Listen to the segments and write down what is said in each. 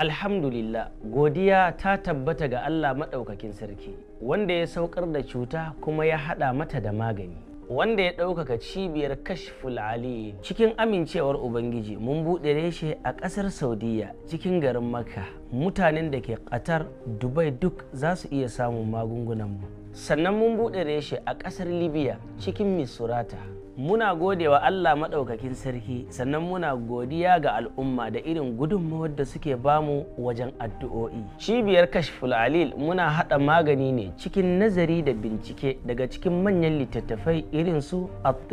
Alhamdulillah godiya ta tabbata ga Allah maɗaukakin sarki wanda ya saukar da cuta kuma ya haɗa mata da magani wanda ya ɗaukaka cibiyar kashful Ali cikin amincewar ubangiji mun buɗe reshe a ƙasar saudiyya cikin garin makka mutanen da ke ƙatar dubai duk za su iya samun magungunan mu. sannan mun buɗe reshe a ƙasar libya cikin misurata muna godewa Allah maɗaukakin sarki sannan muna godiya ga al'umma da irin gudunmawar da suke bamu wajen addu'o'i. Cibiyar Kashful Alil muna haɗa magani ne cikin nazari da bincike daga cikin manyan littattafai irin su at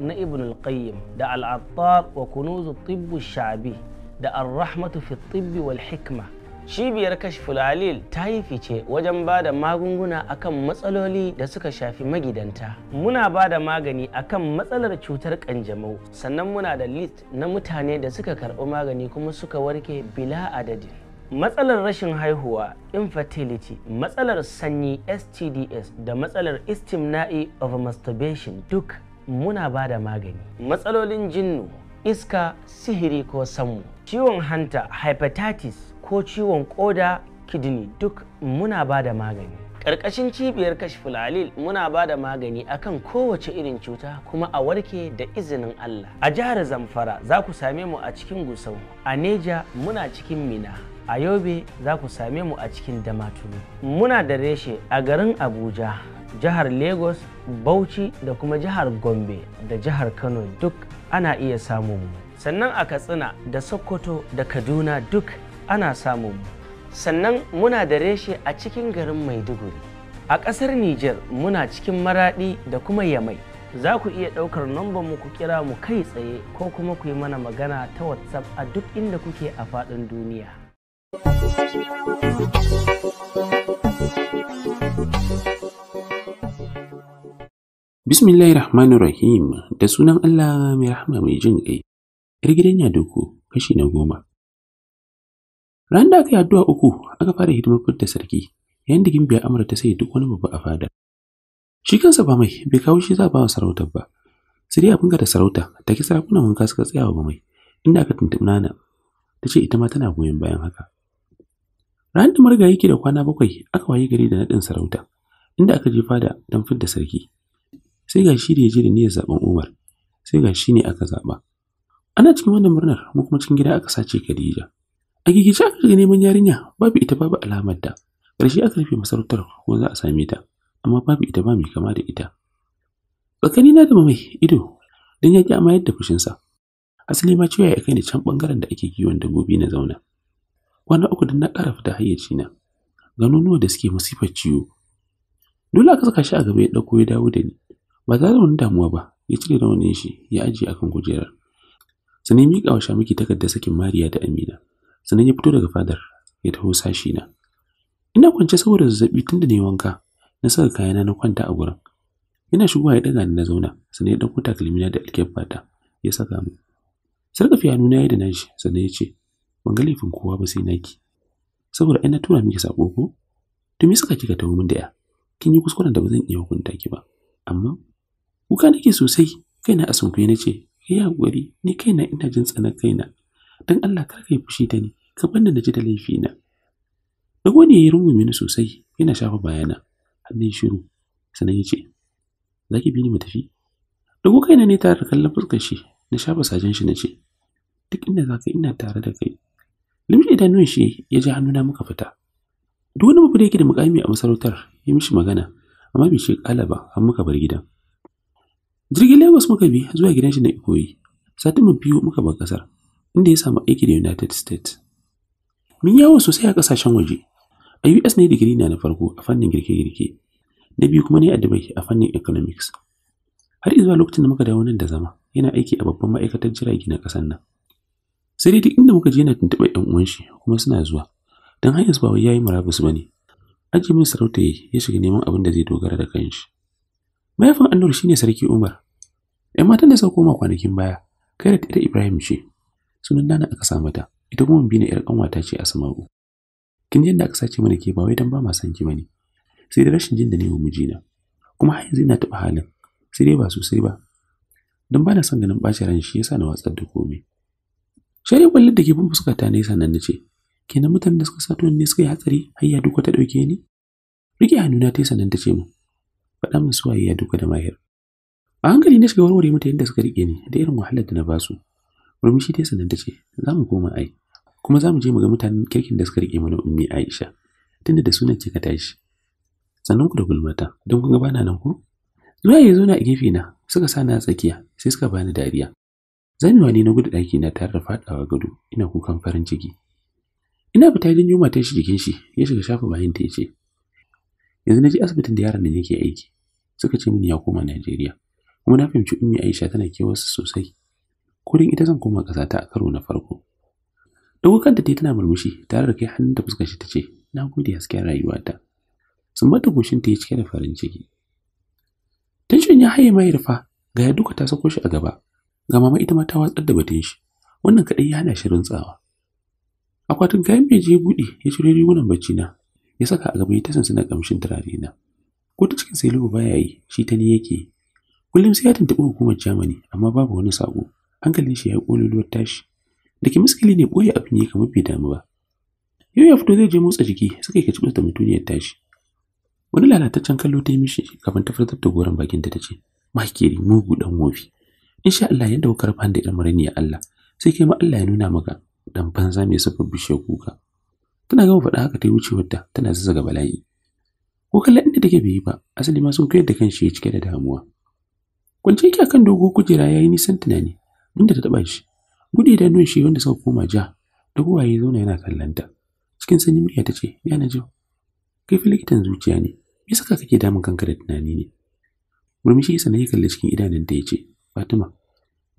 na Ibn al-Qayyim da Al-Attar wa Kunuzu Tibbu Shabi da al rahmatu fi Tibbi wal Hikma. Cibiyar Kashi Fulalil ta yi fice wajen ba da magunguna akan matsaloli da suka shafi magidanta. Muna ba da magani akan matsalar cutar ƙanjamau, sannan muna da list na mutane da suka karɓi magani kuma suka warke bila adadin. matsalar rashin haihuwa infertility matsalar sanyi stds da matsalar istimna'i of masturbation duk muna ba da magani matsalolin jinnu iska sihiri ko sammu ciwon hanta hepatitis ko ciwon koda kidney duk muna ba da magani ƙarƙashin cibiyar kashful alil muna ba da magani akan kowace irin cuta kuma a warke da izinin Allah a jihar Zamfara za ku same mu a cikin Gusau a Neja muna cikin Mina a Yobe za ku same mu a cikin Damaturu muna da reshe a garin Abuja jihar Lagos Bauchi da kuma jihar Gombe da jihar Kano duk ana iya samun mu sannan a Katsina da Sokoto da Kaduna duk ana samun mu sannan muna da reshe a cikin garin maiduguri a ƙasar Nijar muna cikin maraɗi da kuma yamai za ku iya ɗaukar nomba mu ku kira mu kai tsaye ko kuma ku yi mana magana ta whatsapp a duk inda kuke a faɗin duniya Bismillahir Rahim da sunan Allah mai rahama mai jin ƙai. Yar gidan Yaduku kashi na goma. Ran da aka yi addu'a uku aka fara hidimar fidda sarki, yayin da gimbiya Amara ta sayi duk wani babba a fada. Shi kansa ba mai bai kawo shi za a ba sarautar ba. Sai dai abin da sarauta ta ki sarakunan wanka suka tsaya wa mai inda aka tuntuɓi Nana ta ce ita ma tana goyon bayan haka. Ran da marga yake da kwana bakwai aka waye gari da naɗin sarauta, inda aka je fada don fidda sarki. Sai ga shi da ya je da niyyar zaɓen Umar, sai ga shi ne aka zaɓa. Ana cikin wannan murnar mu kuma cikin gida aka sace Khadija. a gigice aka ga neman yarinya babu ita babu alamar da ƙarshe aka rufe masarautar ko za a same ta amma babu ita ba mai kama da ita tsakani na da mai ido don ya ƙi amayar da fushinsa asali ma cewa ya kai ni can ɓangaren da ake kiwon dabbobi na zauna kwana uku don na ƙara fita hayyaci na ganunuwa da suke masifar ciwo dole aka saka shi a gaba ya ɗauko ya dawo da ni ba za da wani damuwa ba ya cire raunin shi ya ajiye akan kujerar sannan miƙa wa shamiki takardar sakin mariya da amina sannan ya fito daga fadar ya taho sashi na ina kwance saboda zazzabi tunda ne wanka na saka kayana na kwanta a gurin ina shigowa ya daga na zauna sannan ya dauko na da alkyabba ta ya saka mu sarkafi nuna na yi da nashi sannan ya ce ban ga laifin kowa ba sai naki saboda ina tura miki sako ko to me saka kika tawo min da ya kin yi kuskuren da ba zan iya hukunta ki ba amma kuka nake sosai kaina a sunkuye na ce ya hakuri ni kaina ina jin tsanar kaina dan Allah kar ka yi fushi da ni kamar da na ji da laifina. Dago ne ya yi rungume ni sosai yana shafa bayana, hannun shiru, sannan ya ce, Za ki bi ni mu tafi? Dago na ne tare da kallon fuskar shi, na shafa sajen shi na ce, Duk inda za ka ina tare da kai. Limshi idanun shi ya ji hannuna muka fita. Duk wani mafi da yake da mukami a masarautar ya mishi magana, amma bai ce kala ba har muka bar gidan. Jirgin Lagos muka bi zuwa gidan shi na Ikoyi, satin mu biyu muka bar ƙasar, inda ya samu aiki da United States. Mun yawo sosai a kasashen waje. A US ne digiri na na farko a fannin girke-girke, na biyu kuma ne a Dubai a fannin economics. Har izuwa lokacin da muka dawo nan da zama, yana aiki a babban ma'aikatar jirage na kasan nan. Sai dai duk inda muka je yana tuntuɓar ‘yan uwan shi kuma suna zuwa, don hanyar ba wai yayi murabus ba ne. Aji min sarauta yayi ya shiga neman abin da zai dogara da kanshi. Mahaifin Annur shine Sarki Umar. ‘Yan matan da suka koma kwanakin baya, da ta Ibrahim ce, sunan Nana aka kasa mata. ita kuma bi na ‘yar ta ce Asma'u. Kin ji da aka sace mana ke ba wai dan ba ma san ki bane. Sai da rashin jin da ne wa na. Kuma har yanzu ina taba halin. Sai dai ba sosai ba. Dan ba na son ganin ɓacin ran shi yasa na watsar da komai. Shari kullun da ke bin fuskata ne sannan na kenan mutanen da suka sato ne suka yi hatsari har ya duka ta ɗauke ni? Rike hannuna ta yi ta ce faɗa min su waye ya duka da mahir. A hankali na shiga warware mata yadda suka rike ni da irin wahalar da na basu su. Murmushi ta sannan ta ce, za mu koma ai. kuma za mu je mu ga mutanen kirkin da suka rike mana ummi Aisha tunda da sunan ka tashi sannan ku da gulmata don kun ga bana nan ko zuwa ya zo na a gefe na suka sa na tsakiya sai suka bani dariya Zan yi ne na gudu ɗaki na tare da faɗawa gado ina kukan farin ciki ina fita don yi ta shi jikin shi ya shiga shafa bayan ta ce yanzu na je asibitin da yaran da yake aiki suka ce mini ya koma Najeriya kuma na fahimci ummi Aisha tana kewarsa sosai kurin ita zan koma ƙasata a karo na farko Dogon da ta tana murmushi tare da kai hannun da fuskar shi ta ce, Na gode hasken rayuwata. Sun bata goshin ta yi cike da farin ciki. Tension ya haye mai rufa ga ya duka ta sako shi a gaba. Ga mama ita ma ta watsar da batun shi. Wannan kaɗai ya hana shi rintsawa. Akwatin kayan mai je buɗe ya ciro rigunan bacci na ya saka a gaba ya tasan suna kamshin turare na. Ko ta cikin sai baya yi shi ta ni yake. Kullum sai ya tuntuɓi hukumar Jamani, amma babu wani sako. Hankalin shi ya yi ƙololuwar tashi. da ke miskili ne ɓoye abin ya kamar bai damu ba yau ya fito zai je motsa jiki suka yi da ta ya tashi wani lalataccen kallo ta yi mishi kafin ta fitar da goron bakin ta ce makeri mugu dan wofi insha Allah yanda ku karfa da rani ya Allah sai kai ma Allah ya nuna maka dan banza mai sufar bishiyar kuka tana gama faɗa haka ta yi wucewar ta tana zazzaga bala'i ko kallon inda take bai yi ba asali ma sun koyar da kanshi ya cike da damuwa kwance yake akan dogo kujera yayi nisan tunani inda ta taɓa shi Gudu idanuwan shi wanda suka koma ja, da waye zauna yana kallonta. Cikin sanin miya ta ce, "Ya na jau, kai fi likitan zuciya ne, me saka kake damun kanka da tunani ne?" Murmushi isa ya kalli cikin idanunta ya ce, "Fatima,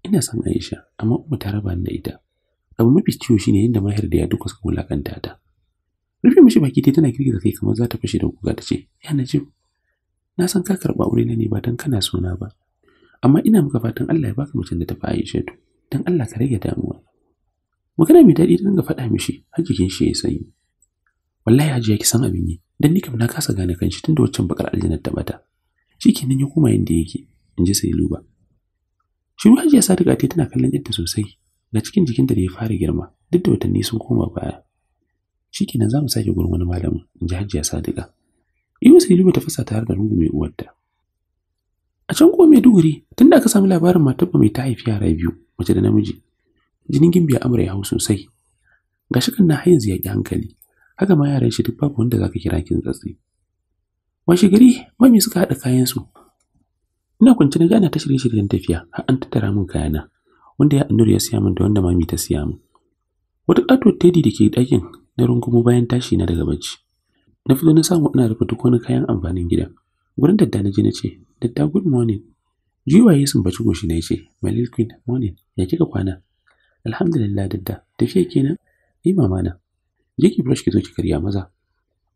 ina son Aisha, amma umma ta raba ni da ita." Abu mafi ciwo shine yadda mahir da ya duka suka wulakanta ta. Rufe mishi baki tai tana girgiza kai kamar za ta fashe da kuka ta ce, "Ya na jau, na san ka karɓa aure na ne ba don kana suna ba, amma ina maka fatan Allah ya baka mutum da tafi Aisha to." don Allah ka rage damuwa magana mai daɗi dinga faɗa mishi har shi ya sanyi wallahi hajiya ki san abin yi dan nikam na kasa gane kanshi tunda waccan bakar aljanar ta bata nan ya koma inda yake in ji sai luba shiru hajiya sadiqa ta tana kallon yadda sosai ga cikin jikin da ya fara girma duk da watanni sun koma baya shike za mu sake gurin wani malamin in ji hajiya sadiqa iwu sai luba ta fasa tare da rungu mai uwarta a can kuma maiduguri tunda aka samu labarin matar mai ta haifi yara biyu mace da namiji jinin gimbiya amurai ya hau sosai gashi kan na hayin ya ƙi hankali haka ma yaran shi duk babu wanda zaka kira kin tsatsi washe gari mami suka haɗa kayan su ina kwanci na gana ta shirye shiryen tafiya har an tattara min kayana wanda ya annuru ya siya min da wanda mami ta siya min wata ƙatuwar teddy da ke ɗakin na rungumo bayan tashi na daga bacci na fito na samu ina rufe duk wani kayan amfanin gida gurin dadda na je na ce dadda good morning jiwaye ya sumbaci goshi na ya ce, queen, morning, ya kika kwana? Alhamdulillah dadda, tafiya kenan? Ni mama na. Je ki brush ki zo ki karya maza.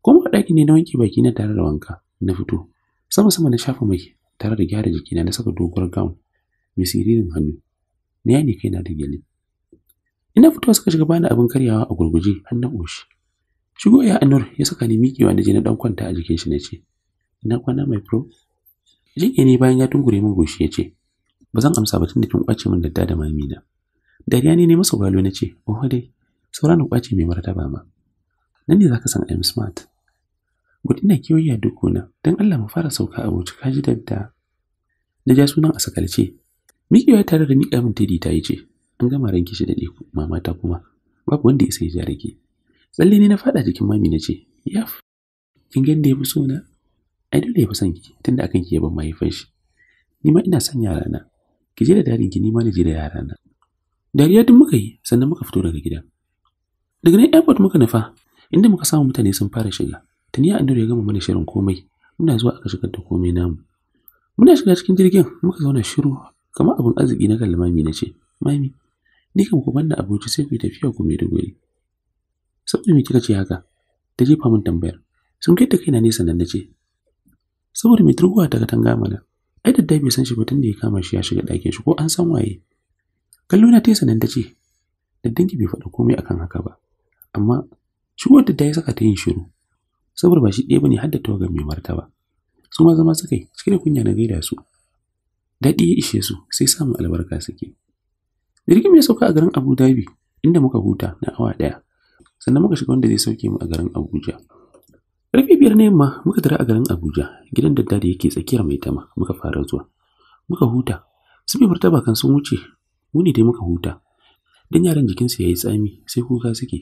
Kuma a ɗaki ne na wanke baki na tare da wanka, na fito. Sama sama na shafa mai tare da gyara jiki na saka doguwar gown mai siririn hannu. Na kai na da gyale. Ina fitowa suka shiga bani abin karyawa a gurguje har na ƙoshi. Shigo ya Anur ya saka ni miƙewa na je na ɗan kwanta a jikin shi na ce, Ina kwana mai pro? Liƙe ne bayan ya tungure min goshi ya ce, Ba zan amsa ba tun da kin kwace min dadda da mamina. Dariya ne ne masa gwalo na ce, Oh dai, saura na ƙwace mai martaba ma. Nan ne za ka san I'm smart. Gudu ina kiyoyi a dukuna, don Allah mu fara sauka a wuce kaji dadda. Na ja sunan a sakalce. Mikiya tare da miƙa min tiri ta yi ce, An gama ranki shi da ɗiku, mamata kuma, babu wanda ya sai ja rage. Tsalle ne na faɗa jikin mami na ce, Yaf, kin gande da ya na? ai dole ya fi son ki tunda akan ki yaban mahaifin shi ni ma ina son yarana ki je da dadin ki ni ma je da yarana dariya duk muka yi sannan muka fito daga gida daga nan airport muka nufa inda muka samu mutane sun fara shiga tuni ya ya gama mana shirin komai muna zuwa aka shigar da komai namu muna shiga cikin jirgin muka zauna shiru kamar abin arziki na kalli mami na ce mami ni kan ku banda abinci sai ku yi tafiya ku maiduguri sabda me kika ce haka ta jefa min tambayar sun kai ta kaina nesa nan na ce saboda mai turguwa ta katanga mana ai da dai bai san shi ba da ya kama shi ya shiga ɗakin shi ko an san waye kallo na tesa nan ta ce dangi bai faɗa komai akan haka ba amma shigo da ya saka ta yin shiru saboda ba shi ɗaya bane har da tawagar mai martaba su ma zama suka yi cike da kunya na gaida su daɗi ya ishe su sai samun albarka suke jirgin mai sauka a garin abu dhabi inda muka huta na awa ɗaya sannan muka shiga wanda zai sauke mu a garin abuja Rafi biyar na yamma muka tara a garin Abuja, gidan dadda da yake tsakiyar mai tama muka fara zuwa. Muka huta, su bai martaba kan sun wuce, mu ne dai muka huta. Dan yaran jikinsu ya yi tsami sai kuka suke.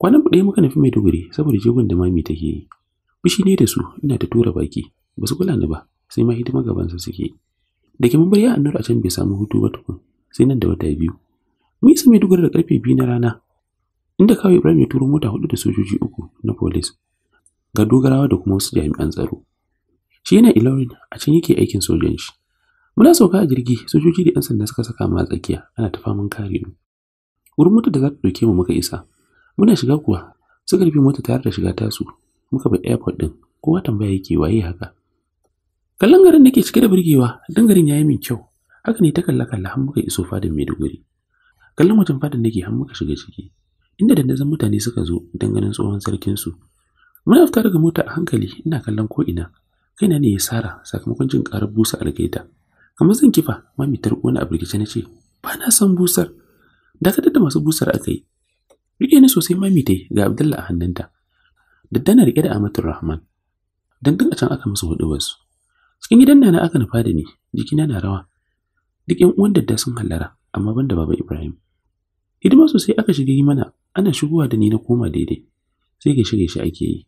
Kwanan mu ɗaya muka nufi dubure saboda jigon da mami take yi. Bishi ne da su ina da tura baki, ba su kula ni ba, sai ma hidima gabansa suke. Da ke mun bar ya a can bai samu hutu ba tukun, sai nan da wata biyu. Mun isa mai dubure da karfe biyu na rana, inda kawai Ibrahim ya turo mota hudu da sojoji uku na police. ga dogarawa da kuma wasu jami'an tsaro shi yana ilorin a can yake aikin sojan shi muna sauka a jirgi sojoji da 'yan sanda suka saka mu a tsakiya ana ta faman kare mu wurin mota da za ta ɗauke mu muka isa muna shiga kuwa suka rufe mota tare da shiga tasu muka bar airport ɗin kowa tambaya yake waye haka kallon garin da ke cike da burgewa don garin ya yi min kyau haka ne ta kalla kalla har muka iso fadin maiduguri kallon wajen fadin da ke har muka shiga ciki inda dandazon mutane suka zo don ganin tsohon sarkinsu muna fita daga mota a hankali ina kallon ko ina na ne ya sara sakamakon jin karar busa algaita kamar zan kifa mami ta wani a birgice na ce ba na son busar dakatar da masu busar aka yi rike ni sosai mami ta ga Abdullahi a hannunta daddana rike da amatul rahman dandan a can aka musu hudu wasu cikin gidan nana aka nufa da ni jikina na rawa duk yan uwan dadda sun hallara amma ban da baba ibrahim hidima sosai aka shiga yi mana ana shigowa da ni na koma daidai sai gaishe gaishe ake yi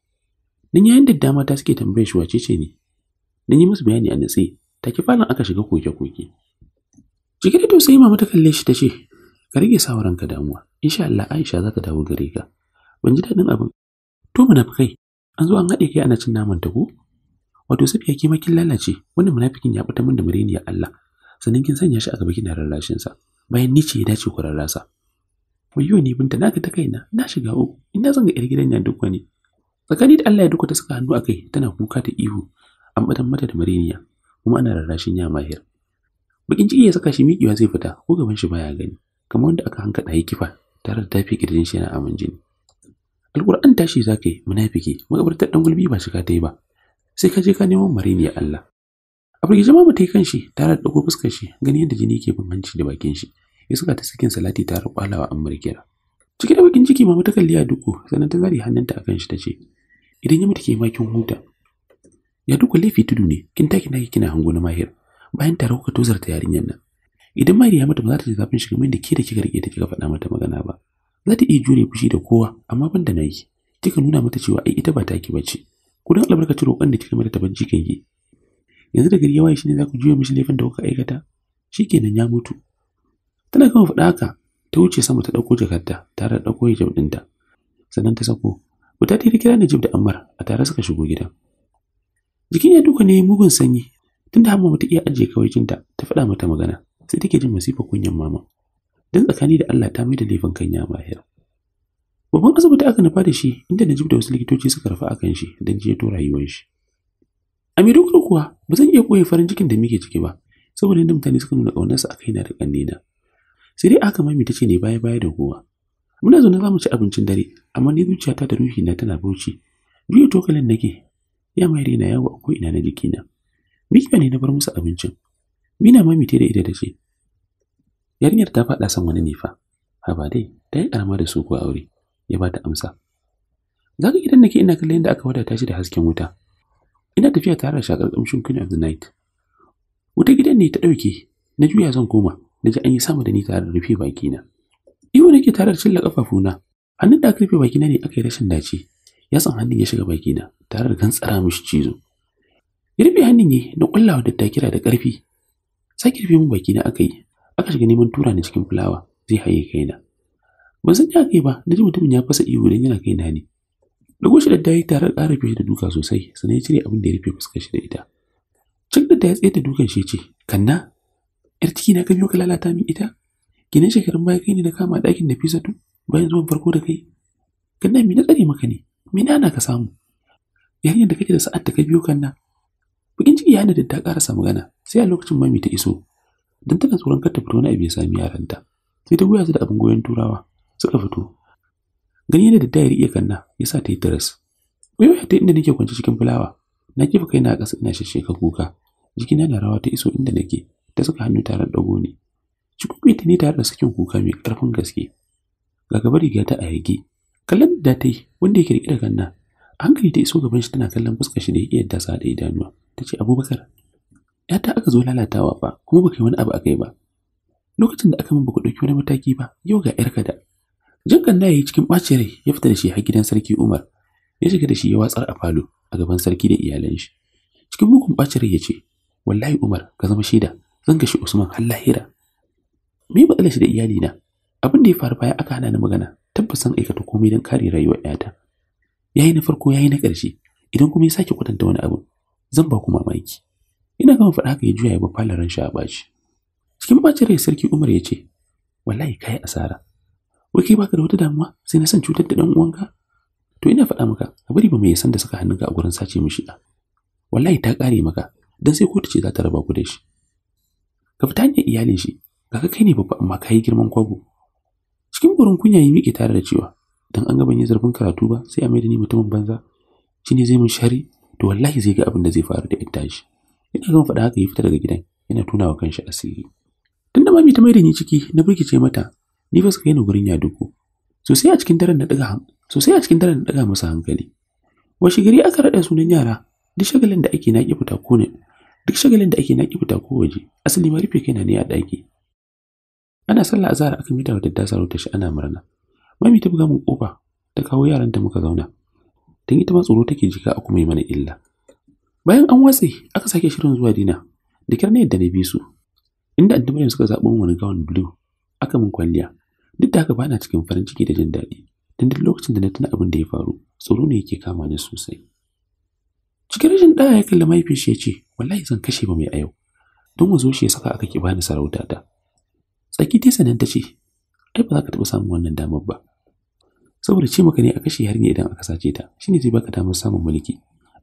Nin yayin da dama ta suke tambayar shi wace ce ne. Nin yi musu bayani a natse, ki falon aka shiga koke-koke. Cike da tausayi mama ta kalle shi ta ce, ka rage sa ka damuwa, insha Allah Aisha za ka dawo gare ka. Ban ji daɗin abin. To kai. an zo an haɗe kai ana cin naman ta ko? Wato Safiya ke makin lalace, wannan munafikin ya fita min da ya Allah. Sannan kin sanya shi a gaba kina rarrashin sa. Bayan ni ce ya dace ku rarrasa. Wayyo ni binta na ga ta kaina, na shiga uku, ina zan ga 'yar gidan ya duk wani. tsakani da Allah ya duka ta saka hannu a kai tana kuka ta ihu an batan mata da mariniya kuma ana rarrashin ya mahir bakin ciki ya saka shi miƙewa zai fita ko gaban shi baya gani kamar wanda aka hanka ɗaya kifa tare da tafi kirjin shi yana aman jini alƙur'an tashi za ka yi munafiki makabartar ɗan gulbi ba shiga ta yi ba sai ka je ka neman mariniya Allah a firgice ma mutai kan shi tare da ɗago fuskar shi gani yadda jini ke bin hanci da bakin shi ya saka ta sakin salati tare kwalawa an murkira cike da bakin ciki mama ta kalli a duku sannan ta zari hannunta a kan shi ta ce idan ya mutu ke ma huta ya duka laifi tudu ne kin take nake kina hango na mahir bayan tare kuka tozar ta yarinyar nan idan mahir ya mata ba za ta ji zafin shi kamar da ke da kika rike ta kika faɗa mata magana ba za ta iya jure fushi da kowa amma ban da nayi kika nuna mata cewa ai ita ba taki bace kudan albarkacin roƙon da kika mata ta banji kanki yanzu da gari ya waye shi ne za ku juya mishi laifin da kuka aikata shikenan ya mutu tana kama faɗa haka ta wuce sama ta ɗauko jakarta tare da ɗauko hijab ɗinta sannan ta sako Wuta ta yi kira Najib da Ammar a tare suka shigo gidan. Jikin ya duka ne mugun sanyi tunda hamma mata iya ajiye jinta ta faɗa mata magana sai take jin masifa kunyan mama. Dan tsakani da Allah ta mai da laifin kan ya mahir. Babban asibiti aka nufa da shi inda Najib da wasu likitoci suka rufa akan shi don to rayuwar shi. A mai dokar kuwa ba zan iya koyi farin cikin da muke ciki ba saboda yadda mutane suka nuna ƙaunarsa a kaina da ƙannena. Sai dai aka mami ta ce ne baya baya da kowa muna zaune za mu ci abincin dare amma ni zuciyata da ruhi na tana bauchi juya tokalin nake ya mai rena yawo a ina na jikina mikiya ne na bar musu abincin mina ma mite da ita da ce yarinyar ta faɗa san wani nefa ba dai ta yi ƙarama da su ko aure ya ba ta amsa za ka gidan nake ina kallon yadda aka wadata shi da hasken wuta ina tafiya tare da shakar kamshin queen of the night wuta gidan ne ta ɗauke na juya zan koma na ji an yi sama da ni tare da rufe bakina Iwo nake tare da cilla kafafuna. Hannun da aka rufe bakina ne aka yi rashin dace. Ya san hannun ya shiga bakina tare da gantsara mishi cizo. Girbe hannun ne na kullawa da takira da ƙarfi. Sake rufe min bakina aka yi. Aka shiga neman tura ni cikin fulawa zai haye kaina. Ban san ya kai ba, na ji mutumin ya fasa iwo don yana kaina ne. Dago shi da dai tare da ƙara da duka sosai, sannan ya cire abin da ya rufe fuskar shi da ita. Cik da ta ya tsaye da dukan shi ce, Kanna, ‘yar ciki na ka biyo ka lalata min ita? Kenan shekarun baya kai ne na kama ɗakin da Fisatu bayan zuwan farko da kai. Ganna me na tsare maka ne? Me na ka samu? Yarinyar da kake da sa'ad da ka biyo kan nan. Bakin ciki ya da ta karasa magana sai a lokacin mami ta iso. Dan tana tsoron kar ta fito wani abu ya sami yaranta. Sai ta goya su da abin goyon turawa suka fito. Gani yadda da ya riƙe kanna ya sa ta yi tiras. wai ta inda nake kwance cikin fulawa. Na kifa kaina a ƙasa ina ka kuka. Jikina na rawa ta iso inda nake ta saka hannu tare da ne. Cikin ta ne tare da sakin kuka mai ƙarfin gaske. Ga gaba riga ta a yage. Kallon da ta yi wanda yake riƙe da kanna. A hankali ta iso gaban shi tana kallon fuskar shi da ya iya dasa da idanuwa. Ta ce Abubakar, ya ta aka zo lalatawa ba, kuma baka yi wani abu a kai ba. Lokacin da aka min baka ɗauki wani mataki ba, yau ga ‘yarka da. Jan ya yi cikin ɓacin rai ya fita da shi har gidan sarki Umar. Ya shiga da shi ya watsar a falo a gaban sarki da iyalan shi. Cikin mugun ɓacin rai ya ce, Wallahi Umar, ka zama shaida, zan gashi Usman har lahira. me matsalar shi da iyali na abin da ya faru bayan aka hana ni magana tabbas aikata komai don kare rayuwar yata yayi na farko yayi na ƙarshe idan kuma ya sake kwatanta wani abu zan ba ku mamaki ina gama faɗa haka ya juya ya ba falaran shi a baci cikin bacin rai sarki Umar ya ce wallahi kai asara wai kai baka da wata damuwa sai na san cutar da dan uwanka to ina faɗa maka a bari ba mai san da suka hannunka a gurin sace mishi da wallahi ta kare maka dan sai kotu ce za ta raba ku da shi ka fita ne iyalin shi kaga kai ne babba amma yi girman kwabo cikin burin kunya yi miƙe tare da cewa dan an ga yi karatu ba sai a maida ni mutumin banza shi ne zai mun shari to wallahi zai ga abin da zai faru da ita shi ina gan faɗa haka ya fita daga gidan yana tunawa kanshi asiri da mami ta maida ni ciki na birkice mata ni ba su kai ni gurin yaduko sosai a cikin daren na sosai a cikin daren na daga masa hankali washe gari aka raɗa sunan yara duk shagalin da ake naƙi fita ko ne duk shagalin da ake naƙi fita ko waje asali ma rufe kai na ne a ɗaki ana sallah azhar aka mita wa daddasa ta shi ana murna mami ta buga mun kofa ta kawo yaran da muka zauna dan ita ma tsoro take jika a kuma yi mana illa bayan an watsi, aka sake shirin zuwa dina da kyar ne da na bi su inda addubarin suka zaɓo wani gawan blue aka mun kwalliya duk da haka ba na cikin farin ciki da jin daɗi don duk lokacin da na tuna abin da ya faru tsoro ne yake kama ni sosai cikin rashin ɗaya ya kalli mahaifin shi ya ce wallahi zan kashe ba mai a yau don zo shi ya saka aka ki bani sarauta ta Tsaki ta sanan ta ce, ai ba za ka taɓa samun wannan damar ba. Saboda ce maka ne a kashe har ne idan aka sace ta, shine zai baka damar samun mulki,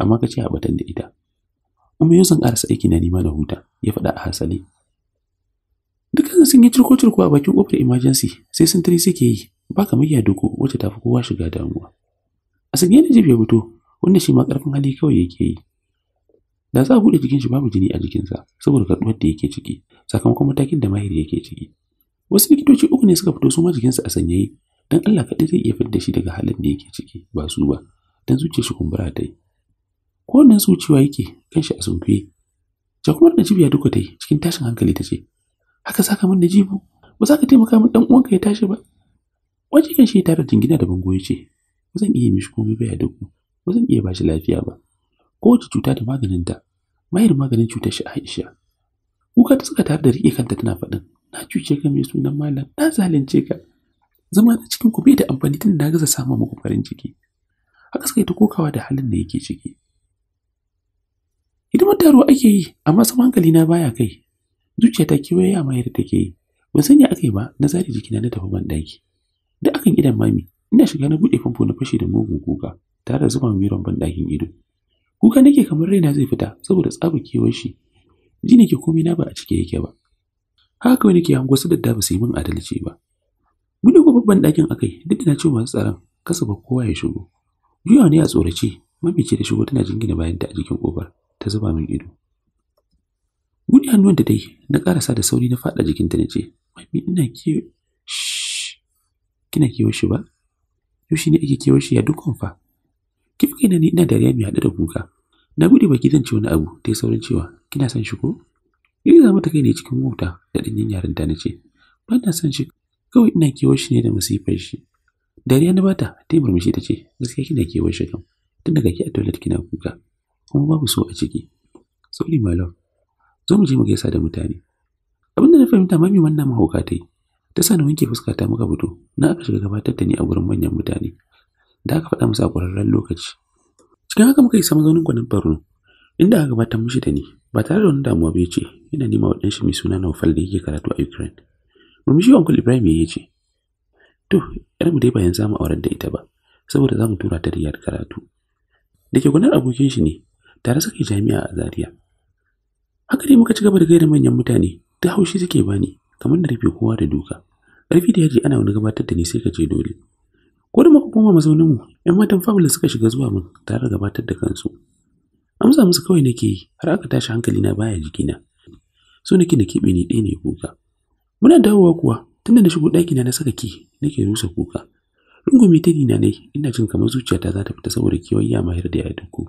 amma ka ce a batan da ita. Kuma yau zan karasa aiki na nima da huta, ya faɗa a hasali. Dukkan sun yi turko-turko a bakin kofar emergency sai sun tare suke yi, ba kamar ya doko wacce tafi kowa shiga damuwa. A sanye da jib ya fito, wanda shi ma ƙarfin hali kawai yake yi. Da za a buɗe jikin shi babu jini a jikinsa saboda karɓuwar da yake ciki, sakamakon matakin da mahiri yake ciki. wasu likitoci uku ne suka fito su ma a sanyaye dan Allah kaɗai zai iya fidda shi daga halin da yake ciki ba su ba dan zuciyar shi kumbura ta yi ko wannan zuciya yake kanshi a sunkuye jakumar da jibiya duka ta yi cikin tashin hankali ta ce haka saka min da jibu ba za ka taimaka min dan uwanka ya tashi ba waje kan shi tare jingina da bango ya ce ba zan iya mishi komai ba ya duku ba zan iya bashi lafiya ba kowace cuta da maganinta mayar maganin cutar shi Aisha kuka ta suka tare da rike kanta tana faɗin na cuce ka mai sunan malam na zalunce ka zama na cikin ku bai da amfani tun na gaza samun muku farin ciki haka suka yi ta kokawa da halin da yake ciki hidimar taro ake yi amma sama hankali na baya kai zuciya ta kewaye a mayar ke yi ban sanya aka yi ba na zari jikina na tafi ban daki da akan idan mami ina shiga na buɗe famfo na fashe da mugun kuka tare da zuba miran ban dakin ido kuka nake kamar raina zai fita saboda tsabar kewar shi ji ke komai na ba a cike yake ba haka wani ke hango su dadda ba su yi min adalci ba Muni ko babban ɗakin akai duk da na ce masu tsaron kasa ba kowa ya shigo juya ne a tsorace mamice da shigo tana jingina bayan ta a jikin kofar ta zuba min ido gudu hannun da dai na karasa da sauri na faɗa jikinta na ce mami ina ke kina kewa shi ba yaushe ne ake kewa shi ya duk fa kif kaina ne ina dariya mai haɗu da kuka na buɗe baki zan ce wani abu ta yi saurin cewa kina son shi ko Eh, zama ta kai ne cikin mota da ɗanyen yarinta na ce, Ba na son shi, kawai ina kewar shi ne da masifar shi. Dariya na bata, ta yi murmushi ta ce, Gaskiya kina kewar shi kam, tun daga ke a toilet kina kuka, kuma babu so a ciki. Sauri malam, zo mu je mu gaisa da mutane. Abin da na fahimta mami wannan mahauka ta yi, ta sa na wanke fuska ta muka fito, na aka shiga gabatar da ni a wurin manyan mutane. Da aka faɗa musu a ƙwararren lokaci. Cikin haka muka yi sama zaunin gwanin barno inda aka gabatar mushi da ni, ba tare da wani damuwa ba ce yana nema wa ɗanshi mai suna naufal da yake karatu a ukraine murmushi uncle ibrahim ya ce to mu dai bayan za mu aurar da ita ba saboda za mu tura ta riyar karatu da ke gudanar abokin shi ne tare suka jami'a a zaria haka dai muka ci gaba da gaida manyan mutane ta haushi suke bani kamar da rufe kowa da duka ƙarfi da yaji ana wani gabatar da ni sai ka je dole ko da muka koma mu 'yan matan fabula suka shiga zuwa mun tare da gabatar da kansu amsa musu kawai nake yi har aka tashi hankali na baya jikina so nake da keɓe ni ɗaya ne kuka muna dawowa kuwa tunda na shigo ɗakina na saka ki nake rusa kuka rungume ta dina ne ina jin kamar zuciyata za ta fita saboda kewan ya mahir da ya duku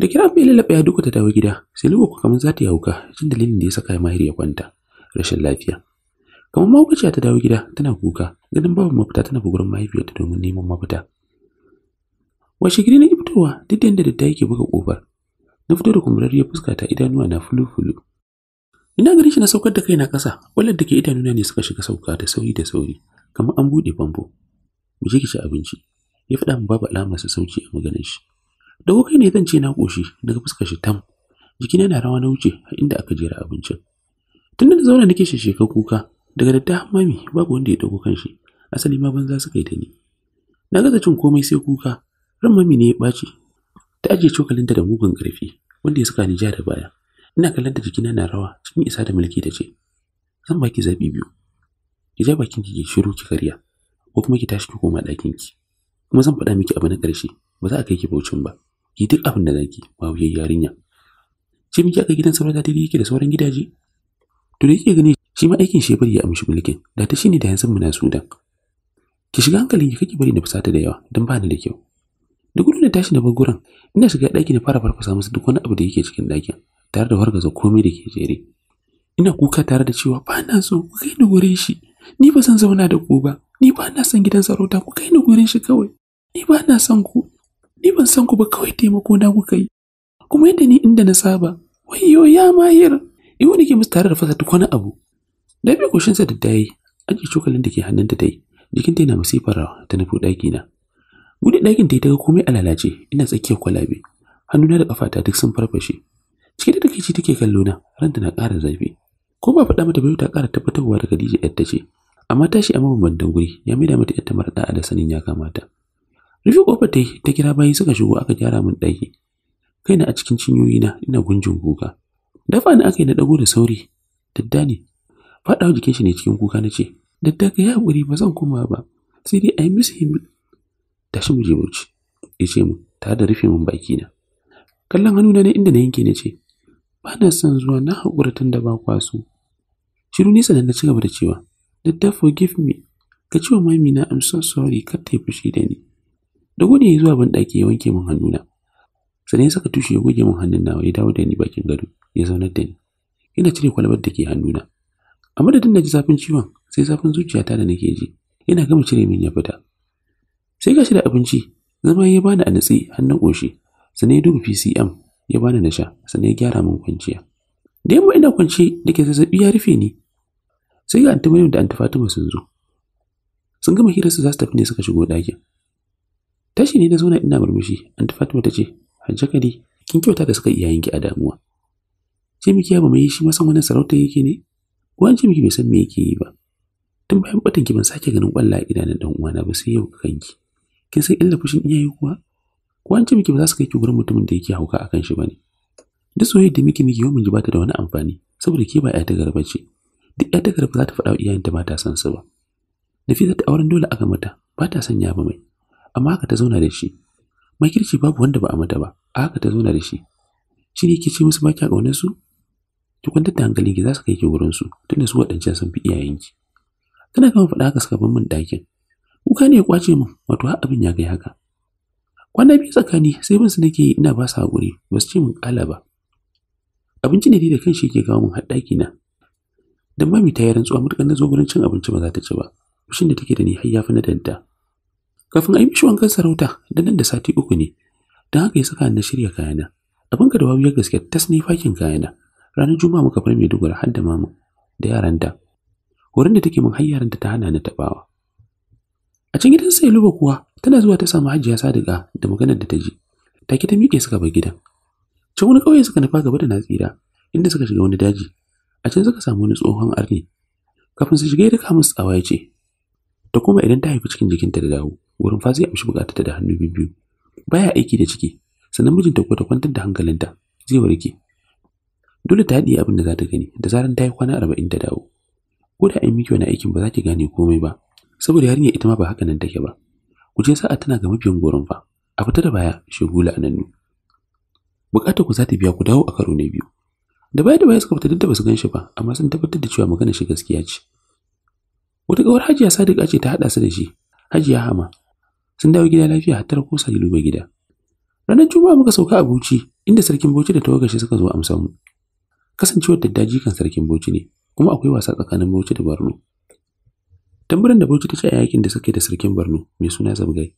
da kira mai lalaba ya duka ta dawo gida sai lugu ku kamar za ta hauka, jin dalilin da ya saka ya mahir ya kwanta rashin lafiya kamar mahaukaciya ta dawo gida tana kuka ganin babu mafita tana bugurin mahaifiyarta domin neman mafita Washe gari na ki fitowa duk da yadda dadda yake buga ƙofar. Na fito da ya fuska ta idanuwa na fulu-fulu. Ina gari shi na saukar da kaina ƙasa, wallar da ke idanuna ne suka shiga sauka da sauri da sauri, kamar an buɗe famfo. Mu je ki ci abinci. Ya faɗa min babu su sauki a maganar shi. Da kai ne zan ce na ƙoshi daga fuskar shi tam. Jikina na rawa na wuce a inda aka jera abincin. Tun da zauna nake shisheka kuka, daga dadda mami babu wanda ya kan shi Asali ma banza suka yi ta ni. Na gaza cin komai sai kuka, ran mami ne ya ɓaci ta ajiye cokalinta da mugun ƙarfi wanda ya saka ni ja da baya ina kallon da jikina na rawa cikin isa da mulki ta ce zan baki zaɓi biyu ki ja bakin ki shiru ki karya ko kuma ki tashi ki koma ɗakin ki kuma zan faɗa miki abu na ƙarshe ba za a kai ki baucin ba ki duk abin da zaki ba wuya yarinya ce miki aka gidan sauran daidai yake da sauran gidaje to da yake gani shi ma aikin shebar ya amshi mulkin da ta shine da yanzu muna sudan ki shiga hankalin ki kake bari na fusata da yawa don bani da kyau Duk gudu tashi da bar ina shiga daki na fara farfasa musu duk wani abu da yake cikin dakin tare da wargaza komai da ke jere ina kuka tare da cewa ba na so ku kai ni gurin shi ni ba san zauna da ku ba ni ba na son gidan sarauta ku kai ni gurin shi kawai ni ba na son ku ni ban san ku ba kawai taimako na kuka yi kuma yadda ni inda na saba wayo ya mahir iwo ke musu tare da fasa duk wani abu da bai koshin sa da dai ake cokalin da ke hannunta dai jikinta yana musifar ta nufi ɗaki na buɗe ɗakin ta yi daga komai a lalace ina tsakiyar kwalabe hannuna da ƙafata duk sun farfashe cike da takaici take kallo na ranta na ƙara zafi ko ba faɗa mata bai ta ƙara tabbatarwa da Khadija yar ta ce amma tashi a mabambantan guri ya maida mata yar ta mara da sanin ya kamata rufe ƙofar ta yi ta kira bayan suka shigo aka gyara min ɗaki kaina a cikin cinyoyi na, ina gunjin kuka dafa ni aka yi na dago da sauri dadda ne faɗawa jikin shi ne cikin kuka na ce dadda ka yi haƙuri ba zan koma ba sai dai i musu himmi tashi su je bauchi ya ce min ta da rufe min baki na kallon hannuna na inda na yanke na ce ba na son zuwa na haƙura tun da ba kwaso shiru nisa da na ci gaba da cewa dadda forgive me ka ci wa mami na i'm so sorry kar ta yi fushi da ni da gode ya zuwa banɗaki, ya wanke min hannuna sannan ya saka tushe ya goge min hannun nawa ya dawo da ni bakin gado ya zaunar da ni ina cire kwalabar da ke hannuna a madadin na ji zafin ciwon sai zafin zuciyata da nake ji yana gama cire min ya fita sai ga shi da abinci zama ya bani a nutsi hannun na ƙoshi sannan ya duba pcm ya bani na sha sannan ya gyara min kwanciya da yamma ina kwance da ke zazzaɓi ya rufe ni sai ga antimariam da Fatima sun zo sun gama hirar su za su tafi ne suka shigo ɗakin tashi ne na zauna ina murmushi Fatima ta ce hajjaka ne kin kyauta da suka iyayenki a damuwa sai miki ya ba mai shi masan wannan sarauta yake ne Wani an ce miki bai san me yake yi ba tun bayan batun ki ban sake ganin kwalla a idanun dan uwana ba sai yau kanki kin san illa fushin iyaye kuwa ko an ce miki ba za su kai ki gurin mutumin da yake hauka akan shi bane duk soyayya da miki miki yawan ji bata da wani amfani saboda ke ba ya ta garba ce duk ya ta garba za ta faɗa iyayenta ba ta san su ba Nafisa ta auren dole aka mata ba ta sanya ba mai amma haka ta zauna da shi Mai kirki babu wanda ba a mata ba a haka ta zauna da shi shi ne ke ce musu ba kya ƙaunar su ki kwantar da hankalinki za su kai ki gurin su tunda su waɗancan sun fi iyayenki Kana kama faɗa haka suka bar min ɗakin kuka ne ya kwace min wato har abin ya kai haka kwana biyu tsakani sai bin su nake ina ba su haƙuri ba su ce min ƙala ba abinci ne da da kanshi ke kawo min haɗaki na dan mami ta yi rantsuwa matuƙar na zo gurin cin abinci ba za ta ci ba fushin da take da ni har ya fi na danta kafin a yi mishi wankan sarauta da nan da sati uku ne don haka ya saka na shirya kayana abin ka da babu ya gaske tas ne fakin kayana ranar juma'a muka fara mai maiduguri har da mamu da yaranta horon da take min har yaranta ta hana ni taɓawa. a can gidan sai luba kuwa tana zuwa ta samu hajiya sadiqa da maganar da ta ji take ta miƙe suka bar gidan can wani ƙauye suka nufa gaba da na tsira inda suka shiga wani daji a can suka samu wani tsohon arni kafin su shiga ya daka musu tsawa ya ce ta kuma idan ta haifi cikin jikinta da dawo wurin fa zai amshi ta da hannu biyu baya aiki da ciki sannan mijinta ko ta kwantar da hankalinta zai warke dole ta haɗiye abin da za ta gani da zaran ta yi kwana arba'in ta dawo ko da an miki wani aikin ba za ki gane komai ba saboda yarinya ita ma ba haka nan take ba ku je sa'a tana ga mafiyan goron fa a fita da baya shegu la'anannu bukatar ku za ta biya ku dawo a karo na biyu da baya da baya suka fita duk da basu gan shi ba amma sun tabbatar da cewa magana shi gaskiya ce wata ƙawar hajiya sadiqa ce ta haɗa su da shi hajiya hama sun dawo gida lafiya har tara ko salilu mai gida ranar juma'a muka sauka a bauchi inda sarkin bauchi da tawagashi suka zo amsa mu kasancewar daddaji kan sarkin bauchi ne kuma akwai wasa tsakanin bauchi da barno. tambarin da bauchi ta ce a yakin da suke da sarkin barno mai suna zabgai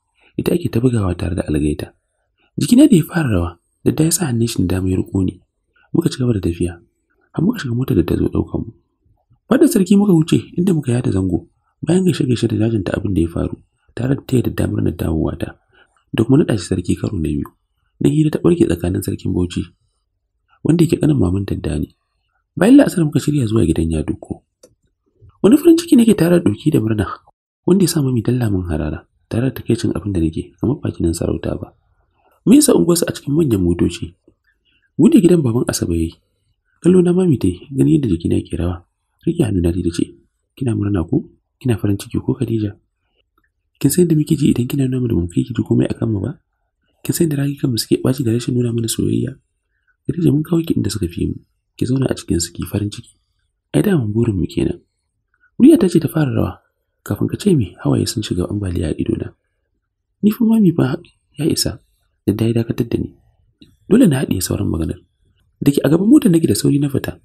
ita ake ta bugawa tare da algaita jikina da ya fara rawa da ta sa hannun shi da mai riko ne muka ci gaba da tafiya har muka shiga motar da ta zo ɗaukar mu fadar sarki muka wuce inda muka yada zango bayan gaishe gaishe da jajinta abin da ya faru tare da taya da damar na dawowa ta da kuma naɗa shi sarki karo na biyu na hira ta ɓarke tsakanin sarkin bauchi wanda yake kanin maman da ne bayan la'asar muka shirya zuwa gidan dukko. wani farin ciki nake tare da doki da murna wanda ya sa mami dalla mun harara tare da takeicin abin da nake kamar nan sarauta ba me yasa unguwarsa a cikin manyan motoci gudu gidan baban asabe yayi kallo na mami dai gani yadda jikina ke rawa rike hannu na da ce kina murna ko kina farin ciki ko Khadija kin san da muke ji idan kina nuna mana mun fi ki ji komai akan mu ba kin san da ragi kan suke baci da rashin nuna mana soyayya Khadija mun kawo ki inda suka fi mu ki zauna a cikin su ki farin ciki ai da mun burin mu kenan Muryar ta ce ta fara rawa, kafin ka ce me hawaye sun shiga ambaliya a idona. Ni fa mami ba ya isa, da ya dakatar da ni. Dole na haɗe sauran maganar. Da ke a gaban motar nake da sauri na fita,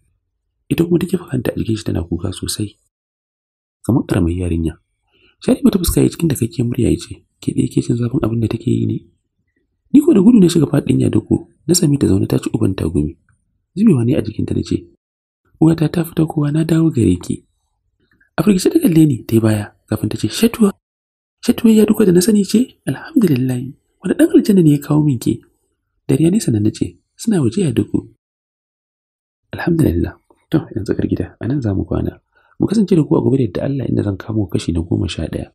ita kuma take fakanta a jikin shi tana kuka sosai. Kamar karamin yarinya. Shari mata fuska ya cikin da kake murya ya ce, ke ɗaya ke cin zafin abin da take yi ne. Ni ko da gudu na shiga faɗin ya doko, na sami ta zaune ta ci uban gumi. Zubewa ne a jikinta na ce, Uwata ta fita kowa na dawo gare ki. a firgice ta kalle ni ta yi baya kafin ta ce shatuwa shatuwa ya duka da na sani ce alhamdulillah wani ɗan aljanna ne ya kawo min ke dariya nesa na nace suna waje ya duku alhamdulillah to yanzu kar gida a nan za mu kwana mu kasance da ku a gobe da yadda Allah inda zan kamo kashi na goma sha ɗaya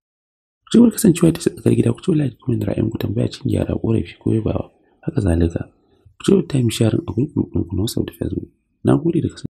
cewar kasancewa ta tsakar gida ku ci wala kuma da ra'ayin ku tambaya cin gyara ƙorafi ko yabawa haka zalika ku ci yi sharing a gurbin ku na sau da facebook na gode da kasance